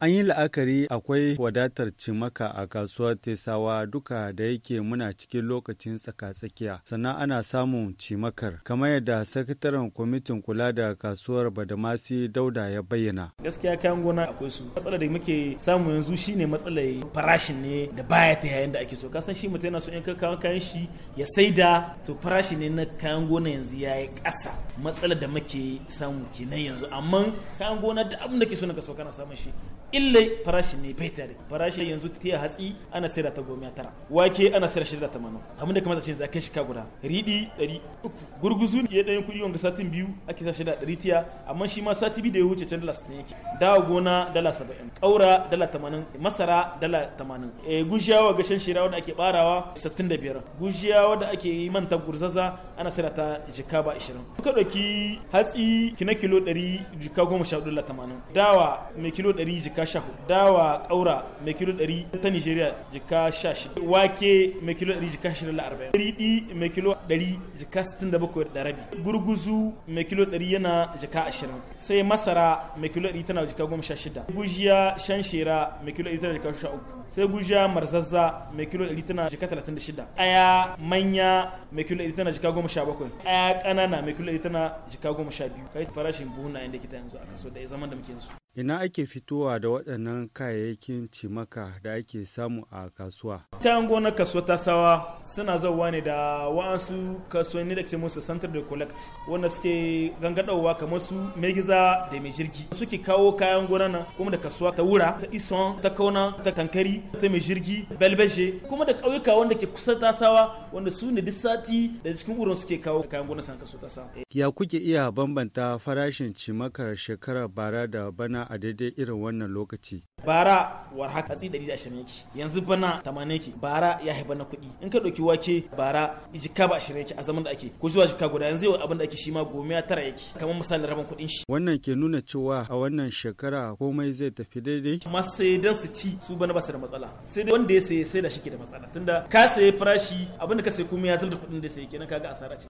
An yi la'akari akwai wadatar cimaka a kasuwar Tesawa duka da yake muna cikin lokacin tsaka-tsakiya, sannan ana samun cimakar, kamar yadda sakataren kwamitin kula da kasuwar Badamasi Dauda ya bayyana. Gaskiya kayan gona akwai su. Matsalar da muke samu yanzu shine matsalar farashin ne da baya ta yayin da ake so. Kasan shi mutum yana so in kawo kayan shi ya saida to farashi ne na kayan gona yanzu ya yi ƙasa. Matsalar da muke samu kenan yanzu amma kayan gona da abin da ke so na kaso kana samun shi illa farashin ne bai tare farashi yanzu tiya hatsi ana sayar ta goma tara wake ana sayar ta mano abin da kamata ce za kai shika guda riɗi ɗari uku gurguzu ne ya ɗanyen kuɗi wanga satin biyu ake sa shirya ɗari tiya amma shi ma sati biyu da ya wuce can dala sittin yake dawa gona dala saba'in ƙaura dala tamanin masara dala tamanin e, gujiyawa gashin shira wanda ake ɓarawa sittin da biyar gujiyawa da ake yi manta gurzaza ana sayar ta jika ba ashirin ka ɗauki hatsi kina kilo ɗari jika goma sha dala tamanin dawa mai kilo ɗari jika sha dawa kaura mai kilo 100 ta nigeria jika sha shida wake mai kilo 100 jika shida da arba'in riɗi mai kilo 100 jika sittin da bakwai da rabi gurguzu mai kilo 100 yana jika ashirin sai masara mai kilo 100 tana jika goma sha shida gujiya shanshera mai kilo 100 tana jika sha uku sai gujiya marzazza mai kilo 100 tana jika 36 aya manya mai kilo 100 tana jika goma sha bakwai aya ƙanana mai kilo 100 tana jika goma sha biyu kai farashin buhuna inda kita yanzu a kaso da ya zama da muke yanzu Ina ake fitowa da waɗannan kayayyakin cimaka da ake samu a kasuwa? Kayan gonar kasuwa ta sawa suna zauwa ne da wa'ansu kasuwanni da ke musu Center da Collect wanda suke gangadawa kamar su Megiza da mai jirgi. Suke kawo kayan gona nan kuma da kasuwa ta wura, ta ison, ta kauna, ta tankari, ta mai jirgi, belbeje, kuma da ƙauyuka wanda ke kusa ta sawa wanda su ne duk sati da cikin wurin suke kawo kayan gona san kasuwa ta sawa. Ya kuke iya bambanta farashin cimakar shekara bara da bana a daidai irin wannan lokaci. Bara war haka hatsi 120 yake, yanzu bana 80 yake, bara ya haifa na kuɗi. In ka ɗauki wake bara jika ba 20 yake a zaman da ake, ko zuwa jika guda yanzu yau abin da ake shi ma gomiya tara yake, kamar misalin rabin kuɗin shi. Wannan ke nuna cewa a wannan shekara komai zai tafi daidai. Masu dan su ci su bana ba su da matsala, sai dai wanda ya saye sai da shi ke da matsala. Tunda ka saye farashi abin da ka saye komai ya zama da kuɗin da saye kenan kaga asara ce.